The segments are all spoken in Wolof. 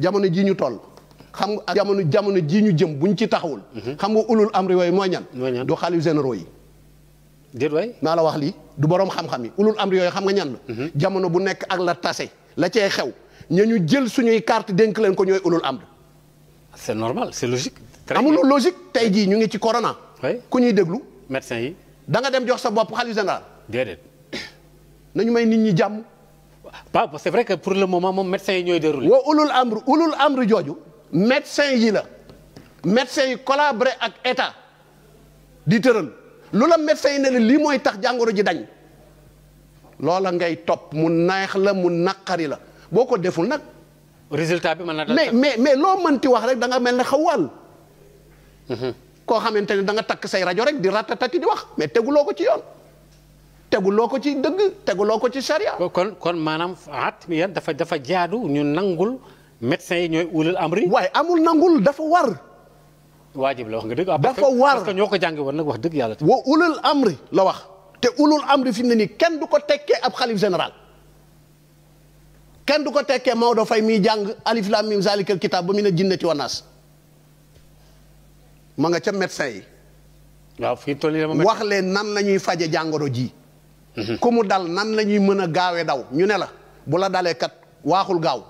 jamono ji ñu toll xam nga ak jamono jamono ji ñu jëm buñ ci taxawul xam nga ulul amri yooyu mooy ñan du xalif généraux yi déet waay naa la wax lii du borom xam-xam yi ulul amri yooyu xam nga ñan la mhm. jamono bu nekk ak la tase la cee xew ña ñu jël suñuy carte dénk leen ko ñooy ulul amri c'est normal c'est logique amul logique tey jii ñu ngi ci corona ku ñuy déglu médecin yi da dem jox sa bopp xalif général déedéet nañu may nit ñi jàmm pas c'est vrai que pour le moment moom médecin yi ñooy déroulé. wa ulul amru ulul amru jooju. médecin yi la. médecin yi collaboré ak état di tëral lu la médecin yi ne lii mooy tax jàngoro ji dañ loola ngay topp mu neex la mu naqari la boo ko deful nag. résultat bi mën na mais mais mais loo mënti wax rek da nga mel ne xawal. Mhm. koo xamante ne da nga takk say rajo rek di ratatati di wax mais teguloo ko ci yoon. teguloo ko ci dëgg teguloo ko ci charia. kon kon maanaam at mi dafa dafa jaadu ñu nangul médecin yi ñooy ulul amri. waaye amul nangul dafa war. waajib la wax nga dëgg. dafa war parce que ñoo ko jàngee woon nag wax dëgg yàlla. wa ulul la wax. te ulul amri fi mu ne nii kenn du ko tekkee ab xalif général. kenn du ko tekkee Maodo fay miy jàng alif lam mim zalikal kitab ba mu ne jinne ci wanaas ma nga ca médecin yi. waaw fii toll nii wax leen nan la ñuy faje jàngoro jii Mhm. ku mu dal nan la ñuy mën a gaawee daw ñu ne la bu la dalee kat waaxul gaaw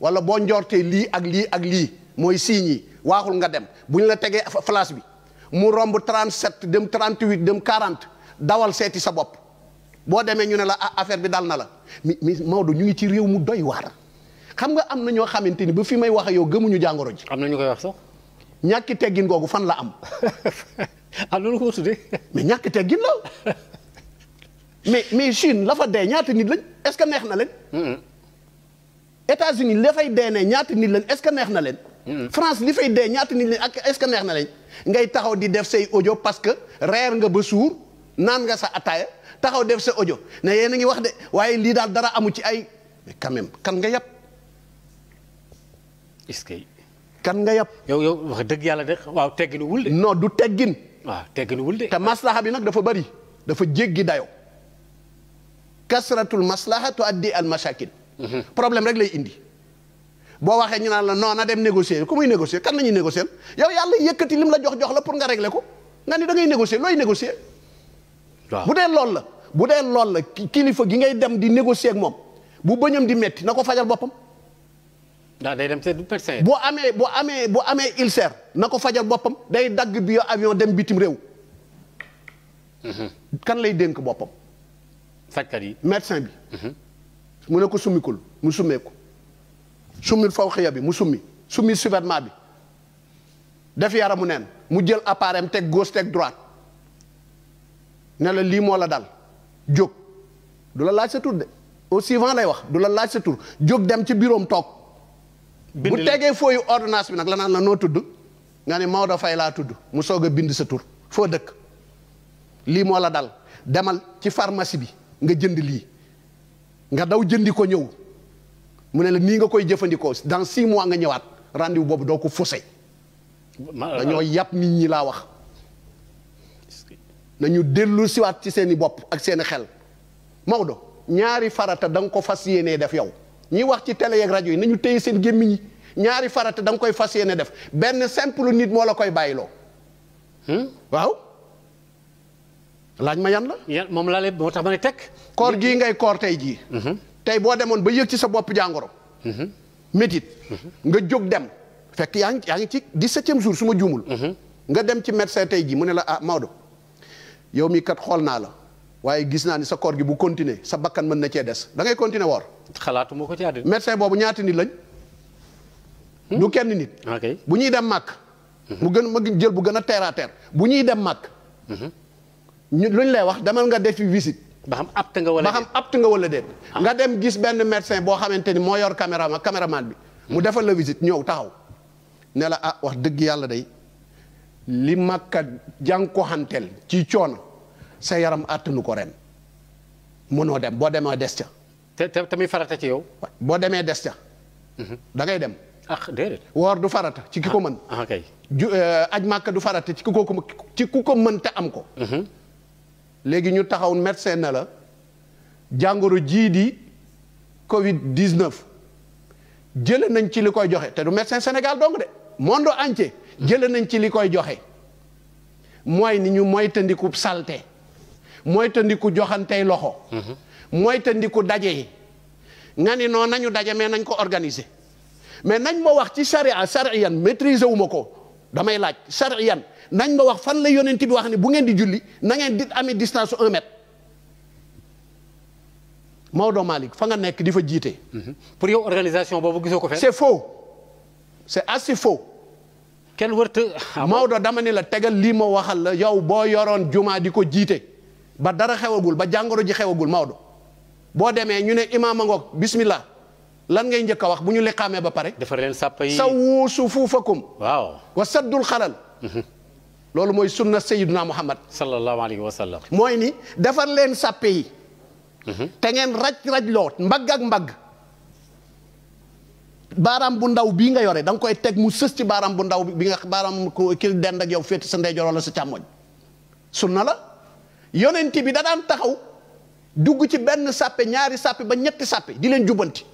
wala boo njortee lii ak lii ak lii mooy signes yi waaxul nga dem bu ñu la tegee flash bi mu romb 37 dem 38 dem 40 dawal seeti sa bopp boo demee ñu ne la ah, affaire bi dal na la mi mi ñu ngi ci réew mu doy waar. xam nga am na ñoo xamante ni ba fi may wax yow gëmuñu jàngoro ji. am na ñu koy wax sax. ñàkki teggin googu fan la am. ah loolu ko tuddee. mais ñàkki mais mais Chine lafa fa dee ñaata nit lañ est-ce que neex na leen. Mm-hmm. États-Unis la fay dee ne ñaata nit lañ est-ce que neex na leen. Mm-hmm. France li fay dee ñaata nit lañ ak est-ce que neex na leen. ngay taxaw di def say ojo parce que reer nga ba suur naan nga sa ataaya taxaw def sa ojo ne yéen a ngi wax de waaye lii daal dara amu ci ay mais kan nga yàpp. est-ce kan nga yàpp. yow yow wax dëgg yàlla de waaw tegginuwul de. non du teggin. waaw tegginuwul de. te maslaha bi nag dafa bari dafa jéggi dayo kasratul maslaha tuaddi al mashakil mhm. problème rek lay indi boo waxee ñu naan la non na dem négocier ku muy négocier kan la ñuy négocier yow yàlla yëkkati lim la jox jox la pour nga régler ko nga ni da ngay négocier looy négocier waaw bu dee loolu la bu dee loolu la kilifa gi ngay dem di négocier ak moom bu bëñam di metti na ko fajal boppam daa day dem te du perte bu amee bu amee bu amee ulcère na ko fajal boppam day dagg bio avion dem bitim réew mhm. kan lay dénk boppam fajkat yi médecin bi. mu ne ko summikul mu summeeku summil faw xëya bi mu summi summi survêtement bi def yaramu neen mu jël appareil teg gauche teg droite ne la lii moo la dal jóg du la laaj sa tur de au suivant lay wax du la laaj sa tur jóg dem ci bureau am toog. mu tegee fooyu ordinance bi nag la naan la noo tudd nga ne Maodo Faye laa tudd mu soog a bind sa tur foo dëkk lii moo la dal demal ci pharmacie bi. nga jënd lii nga daw jëndi ko ñëw mu ne la nii nga koy jëfandikoo dans six mois nga ñëwaat rendez boobu doo ko faussé dañoo euh, yàpp nit ñi laa wax nañu dellu siwaat ci seen i bopp ak seen i xel Maodo ñaari farata danga ko fas yéenee def yow ñi wax ci télé yeeg rajo yi nañu téye seen gémmiñ ñaari farata danga koy fas yéene def benn simple nit moo la koy bàyyiloo hmm? waaw laaj ma yan la. moom laa leen moo tax ma ne teg. koor gi ngay koor tey jii. Mhm. tey boo demoon ba yëg ci sa bopp jàngoro. Mhm. métit mhm. nga jóg dem. fekk yaa ngi yaa ngi ci di septième jour su ma juumul. nga dem ci médecin tey jii mu ne la ah Maodo yow mii kat xool naa la waaye gis naa ni sa koor gi bu continuer sa bakkan mën na cee des da ngay continuer woor. xalaatu ma ko ci àddina. médecin boobu ñaata nit lañ. Hmm? du kenn nit. bu ñuy dem màkk. mu gën ma jël bu gën a terre à bu ñuy dem màkk. lu ñu lay wax demal nga defi visite. ba xam apt nga wala déet ba ah. xam apt nga wala déet. nga dem gis benn médecin boo xamante ni moo yor caméraman caméraman bi. mu hmm. defal la visite ñëw taxaw. ne a ah, wax dëgg yàlla day li makka jànkuwanteel ci coono sa yaram àttanu ko ren mënoo dem boo demee des ca. te te muy farata ci yow. boo demee des ca. Hmm. da ngay dem. ah déedéet. woor du farata ci ki ko ah, mën. ah kay ju eh, aj makka du farata ci ku ko ci ku am ko. Hmm. léegi ñu taxaw médecin na la jàngoro jii di Covid 19 jële nañ ci li koy joxe te du médecin Sénégal dong de monde entier jële nañ ci li koy joxe mooy ni ñu moytandiku salte moytandiku joxantey loxo. Mhm. moytandiku daje yi. nga ni noonu nañu daje mais nañ ko organiser mais nañ ma wax ci charia charian maîtriser wu ma ko. damay laaj sariyan nañ ma wax fan la yonent bi wax ni bu ngeen di julli na ngeen di amee distance su un mètre Maodo Malick fa nga nekk di fa jiite. Mm-hmm. pour yow organisation boobu gisoo ko fenn. c'est faux c'est assez faux. kenn wërta ah Maodo dama ni la tegal lii ma waxal la yow boo yoroon jumaa di ko jiite ba dara xewagul ba jàngoro ji xewagul Maodo boo demee ñu ne imaam a ngoog bismillah lan ngay njëkk a wax bu ñu liqaamee ba pare. defar leen sàppa yi sawwu sufuufakum waaw wa saddul xalal. Mhm. loolu mooy sunna sayyiduna Muhammad. sallallahu alayhi wa sallam. mooy ni defar leen sàppe yi. Mhm. te ngeen raj raj loo mbagg ak mbagg. baaraam bu ndaw bii nga yore danga koy teg mu sës ci baaraam bu ndaw bi nga baaraam ku kii dend ak yow féete sa ndeyjoor wala sa càmmoñ. sunna la yonent bi da daan taxaw dugg ci benn sàppe ñaari sàppe ba ñetti sàppe di leen jubanti.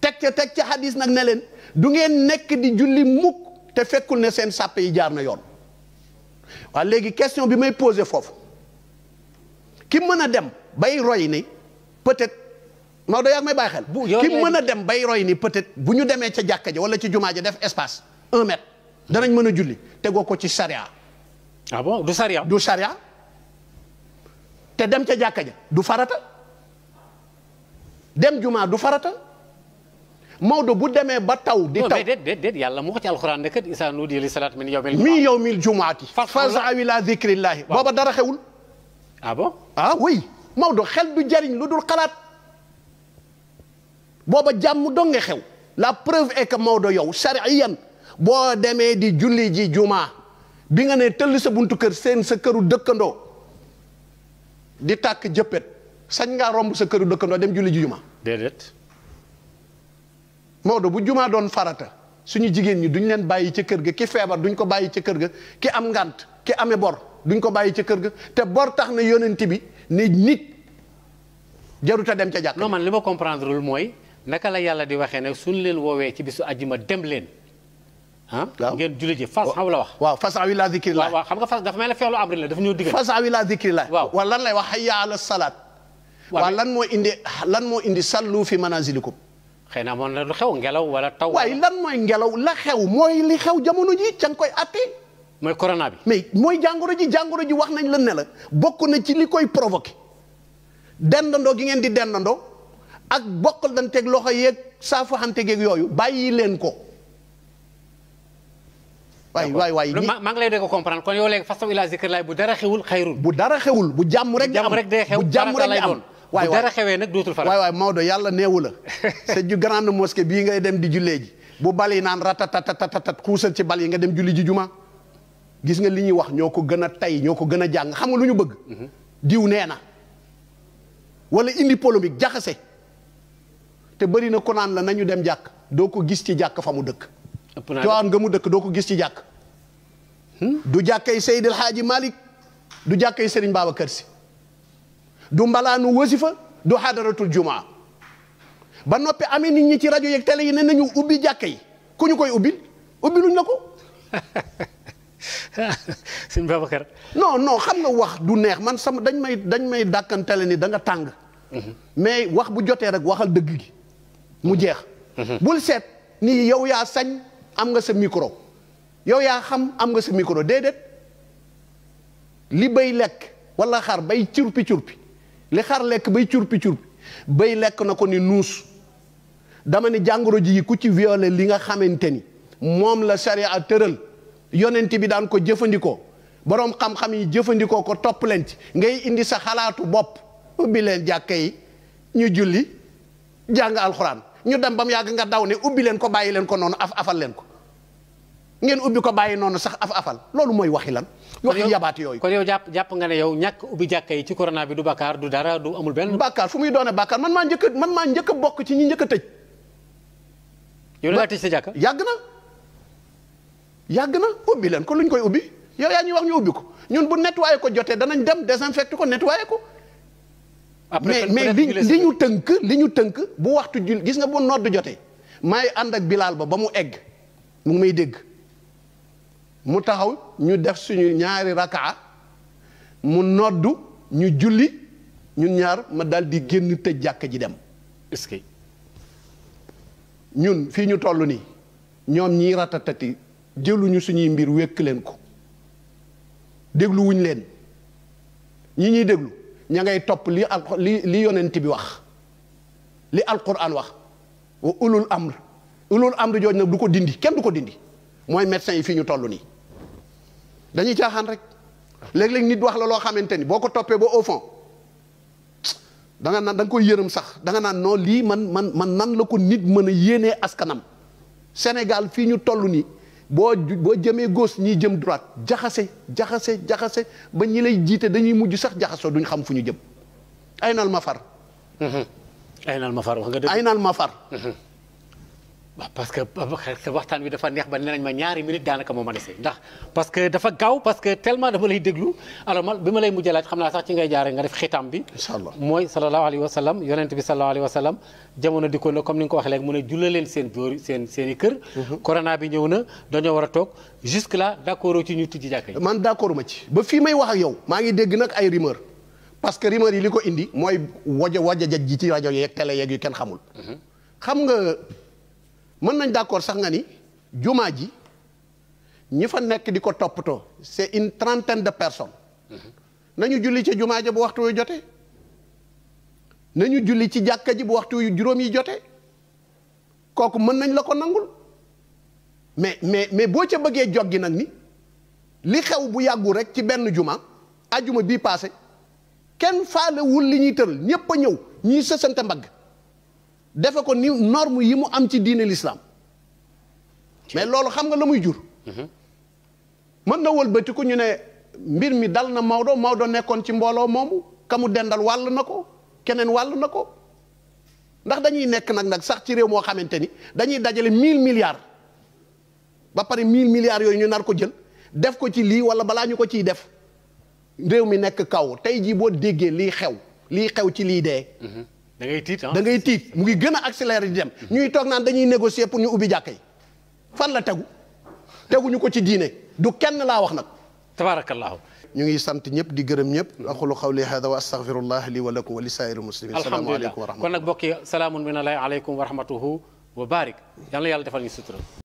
teg ca teg ca xadis nag ne leen du ngeen nekk di julli mukk te fekkul ne seen sàppe yi jaar na yoon waa léegi question bi may posé foofu ki mën a dem bay roy ni peut-être Maodo yaa ngi may bàyyi xel. ki mën a dem bay roy ni peut-être bu ñu demee ca jàkka ja wala ci jumaa ja def espace un mètre danañ mën a julli tegoo ko ci charia. ah bon du charia. du charia te dem ca jàkka ja du farata dem jumaa du farata. Maodo bu demee ba taw. di taw non mais déet yàlla mu wax ci alxuraan ne kat Isa nuudiya li salaat min yawmil. min yawmil jumaati. fas'aw ilaa zikrillaahi. booba dara xewul. ah bon ah xel du jariñ lu dul xalaat booba jàmm dong xew la preuve est que Maodo yow boo demee di julli ji jumaa bi nga ne tëll sa buntu kër seen sa këru dëkkandoo di tàkk jëppet sañ ngaa romb sa këru dëkkandoo dem julli ji jumaa Maodo bu jumaa doon farata suñu jigéen ñi duñ leen bàyyi ca kër ga ki feebar duñ ko bàyyi ca kër ga ki am ngànt ki amee bor duñ ko bàyyi ca kër ga te bor tax na yonent bi ne nit jaruta dem ca jàkk non man li ma comprendre lul mooy naka la yàlla di waxee ne suñ leen woowee ci bisu àjjuma dem leen ah ngeen julli ji fas xam la wax waaw fas awi la zikrillah waaw xam nga fas dafa mel ne feelu amri la dafa ñëw digal fas awi la zikrillah waaw waaw lan lay wax hayya ala salaat waaw lan moo indi lan moo indi sallu fi manazilikum xëy na moom la lu xew ngelaw wala taw. waaye lan mooy ngelaw la xew mooy li xew jamono ji ca nga koy atte. mooy corona bi. mais mooy jàngoro ji jàngoro ji wax nañ la ne la bokk na ci li koy provoqué dendandoo gi ngeen di dendandoo ak bokkalanteeg loxo yeeg saafaxanteeg yooyu bàyyi leen ko. waay waay waay maa ngi lay dégg comprendre kon yow léegi façon ilaa zikr laay bu dara xewul xayrul. bu dara xewul bu jàmm rek. jàmm rek day xew bu jàmm rek am. waaye waay bu dara nag dootul Maodo yàlla neewu la sa ju grande mosquée bii ngay dem di jullee ji bu bal yi naan ratatatatat xuusal ci bal yi nga dem julli ji juma gis nga li ñuy wax ñoo ko gën a tay ñoo ko gën a jàng xam nga lu ñu bëgg mhm. diw nee na walla indi polémique jaxase te bëri na ko naan la na ñu dem jàkk doo ko gis ci jàkk fa mu dëkk coowaan nga mu dëkk doo ko gis ci jàkk hmm? du jàkkay Seydil Haaji Malick du jàkkay Serigne Babacar Sy du mbalaanu wasifa du xadaratul jumaa ba noppi amee nit ñi ci rajo yeeg télé yi ne nañu ubbi jàkka yi ku ñu koy ubbil ubbiluñ la ko. sëñ Babacar. non non xam nga wax du neex man sama dañ may dañ may dàkkantele ni da nga tàng. Mhm. mais wax bu jotee rek waxal dëgg gi mu mhm. jeex. Mhm. bul seet ni yow yaa sañ am nga sa micro yow yaa xam am nga sa micro déedéet li bay lekk wala xar bay curpi curpi li xar lekk bay curpi curpi bay lekk na ko ni nuus dama ni jàngoro ji yi ku ci violé li nga xamante ni moom la charia tëral yonent bi daan ko jëfandikoo boroom xam-xam yi jëfandikoo ko topp leen ci ngay indi sa xalaatu bopp ubbi leen jàkka yi ñu julli jàng alxuraan ñu dem ba mu yàgg nga daw ne ubbi leen ko bàyyi leen ko noonu af afal leen ko ngeen ubbi ko bàyyi noonu sax af afal loolu mooy waxi lan waxi yabaat yooyu kon yow jàpp jàpp nga ne yow ñàkk ubbi jàkka yi ci corona bi du bàkkaar du dara du amul benn bàkkaar fu muy doone bàkkaar man maa njëkk man maa njëkk bokk ci ñi njëkk a tëj yow sa jàkka yàgg na yàgg na ubbi leen ko luñ koy ubbi yow yaa ñuy wax ñu ubbi ko ñun bu nettoyé ko jotee danañ dem désinfecté ko nettoyé ko mais mais li li ñu tënk li ñu tënk bu waxtu jul gis nga bu nodd jotee maay ànd ak bilaal ba ba mu egg mu ngi may dégg mu taxaw ñu def suñu ñaari rakaa mu noddu ñu julli ñun ñaar ma daldi génn tëj jàkk ji dem. est que ñun fii ñu toll nii ñoom ñii ratatati jëluñu suñuy mbir wékk leen ko déglu wuñ leen ñi ñuy déglu ña ngay topp li al li li yonent bi wax li alquran wax wa ulul amr ulul amr jooj nag du ko dindi kenn du ko dindi mooy médecin yi fii ñu toll nii dañuy caaxaan rek léeg-léeg nit wax la loo xamante ni boo ko toppee ba au fond da nga naan da koy yërëm sax danga naan noon lii man man man nan la ko nit mën a yéenee askanam Sénégal fii ñu toll nii boo boo jëmee gauche ñiy jëm droite jaxase jaxase jaxase ba ñi lay jiite dañuy mujj sax jaxasoo duñ xam fu ñu jëm. aynal ma far. Mm-hmm. aynal ma far wax nga dëgg aynal mafar mm-hmm. parce que waxtaan wi dafa neex ba nee nañ ma ñaari minute daanaka moo ma dese ndax parce que dafa gaaw parce que tellement dama lay déglu alors man bi ma lay mujjee laaj xam naa sax ci ngay jaare nga def xitaam bi mooy sallallahu alayhi wa sallam yonent bi sallallahu alayhi wa sallam i kër mhm. ci ñu tijji jàkka yi man d'accord ci ba fii may wax yow maa ngi dégg nag ay rumeur parce que rumeur yi li ko indi mooy wajo wajo jaj ji ci rajo yeeg télé yeeg yu kenn xamul mhm. mën nañ d'accord sax nga ni jumaa ji ñi fa nekk di ko toppatoo c'est une trentaine de personnes mm-hmm. nañu julli ci jumaa ja bu waxtu yu jotee nañu julli ci jàkka ji bu waxtu yu juróom yi jotee kooku mën nañ la ko nangul mais mais mais boo ca bëggee joggi nag ni li xew bu yàggul rek ci benn juma ajuma bii paase kenn faale wul li ñuy tëral ñëpp a ñëw ñuy sësante mbagg defe ko ni norme yi mu am ci diine l'islam mais loolu xam nga la muy jur mhm. mën na walbatiku ñu ne mbir mi dal na Maodo Maodo nekkoon ci mbooloo moomu ka dendal wàll na ko keneen wàll na ko ndax dañuy nekk nag nag sax ci réew moo xamante ni dañuy dajale mille milliards ba pare mille milliards yooyu ñu nar ko jël def ko ci lii wala balaa ñu ko ciy def réew mi nekk kaw tey jii boo déggee lii xew lii xew ci lii dee mhm. da ngay tiit ah. da ngay tiit mu ngi gën a accéléré di dem mm-hmm. ñuy toog naan dañuy négocier pour ñu ubbi jàkka fan la tegu teguñu ko ci diine du kenn laa wax nag tabaarakallaahu ñu ngi sant ñëpp di gërëm ñëpp aqulu qawli hada wa astaghfirullah li wa lakum wa li saa'iril muslimin salaamu aleykum wa rahmatullahi kon nag bokki salaamun minallaahi aleykum wa rahmatuhu wa barik yàlla defal ñu sutura